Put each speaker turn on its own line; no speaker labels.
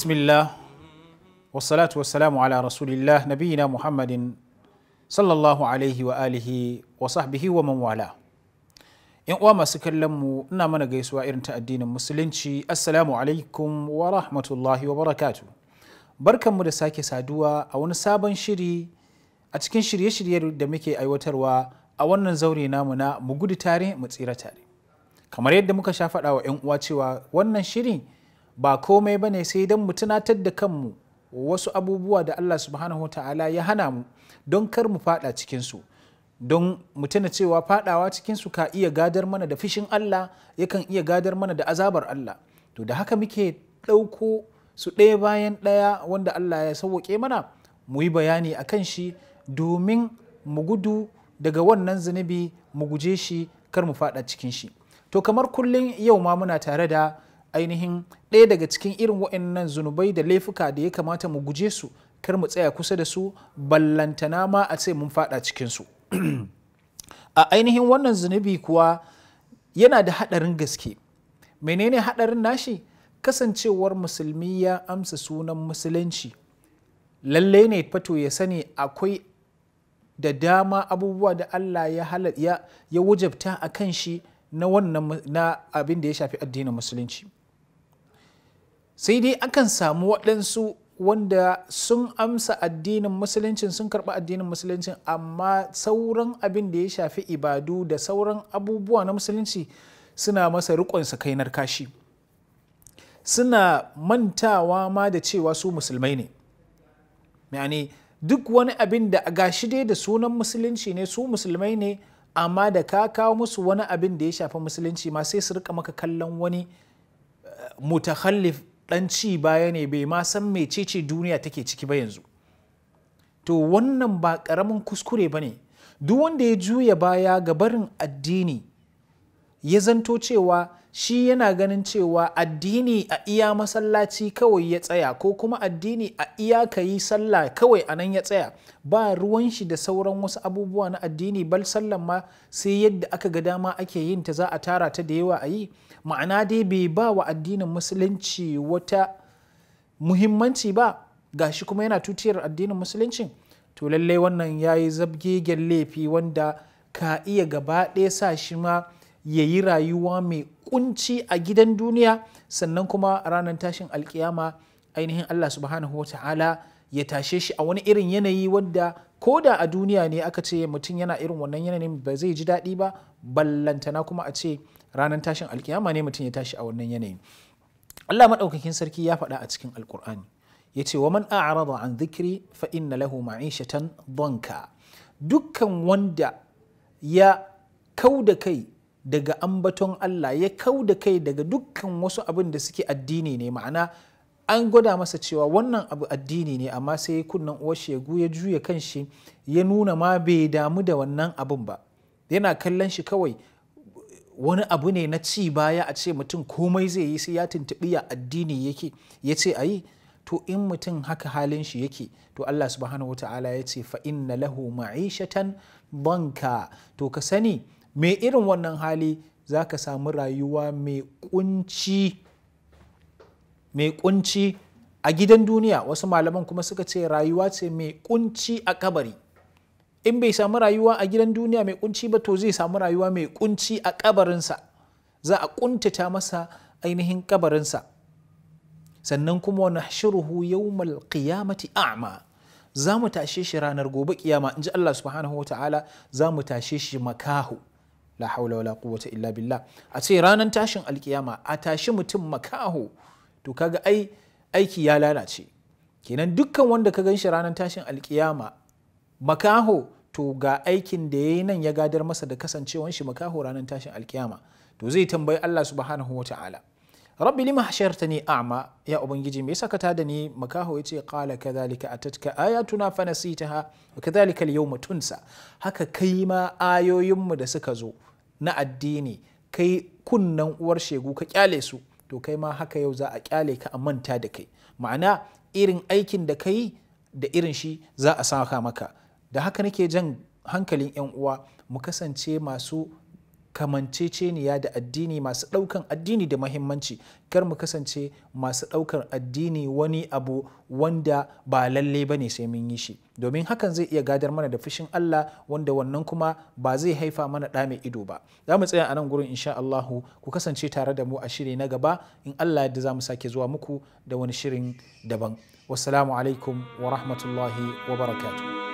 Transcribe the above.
bismillah wasalatu wasalamu ala rasulillah nabiyina muhammadin sallallahu alaihi wa alihi wa sahbihi wa man wala uwa masu kallon mu ina mana gaisuwa irin ta addinin musulunci assalamu alaikum wa rahmatullahi wa barakatu barkan mu da sake saduwa a wani sabon shiri a cikin shirye-shirye da muke aiwatarwa a wannan zaure namu na mu gudu tare mu tsira tare kamar yadda muka sha faɗa wa 'yan uwa cewa wannan shiri ba komai ba ne sai don mu tunatar da kanmu wasu abubuwa da Allah subhanahu ta'ala ya hana mu don kar mu fada cikinsu don mu tuna cewa fadawa cikinsu ka iya gadar mana da fishin Allah yakan iya gadar mana da azabar Allah to da haka muke ɗauko su ɗaya bayan ɗaya wanda Allah ya sauwaƙe mana mu yi bayani a kan shi domin mu gudu daga wannan zunubi mu guje shi kar mu fada cikin shi to kamar kullum yau ma muna tare da ainihin ɗaya daga cikin irin waɗannan zunubai da laifuka da ya kamata mu guje su kar mu tsaya kusa da su ballantana ma a ce mun faɗa cikinsu a ainihin wannan zunubi kuwa yana da haɗarin gaske menene haɗarin nashi kasancewar musulmi ya amsa sunan musulunci lallai ne fato ya sani akwai da dama abubuwa da allah ya wajabta a kan shi na wannan na abin da ya shafi addinin musulunci sai dai akan samu waɗansu wanda sun amsa addinin musuluncin sun karɓi addinin musuluncin amma sauran abin da ya shafi ibadu da sauran abubuwa na musulunci suna masa riƙon kai kashi suna mantawa ma da cewa su musulmai ne yani duk wani abin da a gashi dai da sunan musulunci ne su musulmai ne amma da ka kawo musu wani abin da ya shafi musulunci ma sai su rika maka kallon wani eh, mutakhallif ɗan ci baya ne bai ma san mecece duniya take ciki ba yanzu to wannan ba ƙaramin kuskure ba ne duk wanda ya juya baya ga barin addini ya zanto cewa shi yana ganin cewa addini a iya masallaci kawai ya tsaya ko kuma addini a iya ka yi sallah kawai a nan ya tsaya ba ruwan shi da sauran wasu abubuwa na addini bal sallan ma sai yadda aka ga dama ake yin ta za a tara ta da yawa a yi ma'ana dai bai ba wa addinin musulunci wata muhimmanci ba gashi kuma yana tutiyar addinin musulunci to lallai wannan ya yi zabgegen laifi wanda ka iya gaba ɗaya sa shi ma ya yi rayuwa mai kunci a gidan duniya sannan kuma ranar tashin alkiyama ainihin Allah subhanahu wa ta'ala ya tashe shi a wani irin yanayi wanda ko da a duniya ne aka ce mutum yana irin wannan yanayin ba zai ji daɗi ba ballantana kuma a ce ranar tashin alkiyama ne mutum ya tashi a wannan yanayin Allah maɗaukakin sarki ya faɗa a cikin alkur'ani ya ce wa man a'rada an zikiri fa inna lahu ma'ishatan dhanka dukkan wanda ya kau da kai daga ambaton Allah ya kau da kai daga dukkan wasu abin da suke addini ne ma'ana an gwada masa cewa wannan abu addini ne amma sai kunnan uwarshi ya juya kan shi ya nuna ma bai damu da wannan abin ba yana kallon shi kawai wani abu ne na ci baya a ce mutum komai zai yi sai ya tuntuɓi ya addini yake ya ce a yi to in mutum haka halin shi yake to Allah subhanahu wa ta'ala ya ce fa inna lahu ma'ishatan banka to ka sani mai irin wannan hali za ka samu rayuwa mai kunci a gidan duniya wasu malaman kuma suka ce rayuwa ce mai kunci a kabari in bai samu rayuwa a gidan duniya mai kunci ba to zai samu rayuwa mai kunci a kabarinsa za a kuntata masa ainihin kabarinsa sannan kuma wani shiruhu yawmal qiyamati a'ma za mu tashe shi ranar gobe kiyama in ji Allah subhanahu wa ta'ala za mu tashe shi makahu la haula wala quwwata illa billah a ce ranar tashin alkiyama a tashi mutum makaho to kaga ai aiki ya lalace kenan dukkan wanda ka ganshi ranar tashin alkiyama makaho to ga aikin da ya yi nan ya gadar masa da kasancewan shi makaho ranar tashin alkiyama to zai tambayi Allah subhanahu wa ta'ala rabbi lima hashartani a'ma ya ubangiji me yasa ka tada ni makaho yace qala kadhalika atatka ayatuna fanasitaha wa kadhalika al-yawma tunsa haka kai ma ayoyin mu da suka zo na addini kai kunnan uwar shegu ka kyale su to kai ma haka yau za a kyale ka a manta da kai ma'ana irin aikin da ka da irin shi za a saka maka da haka nake jan hankalin 'yan uwa mu kasance masu kamanceceniya da addini masu ɗaukan addini da mahimmanci kar mu kasance masu ɗaukar addini wani abu wanda ba lalle ba ne sai mun yi shi domin hakan zai iya gadar mana da fushin Allah wanda wannan kuma ba zai haifa mana ɗa mai ido ba za mu tsaya a nan gurin insha Allahu ku kasance tare da mu a shiri na gaba in Allah yadda za mu sake zuwa muku da wani shirin daban wassalamu alaikum wa rahmatullahi wa barakatuh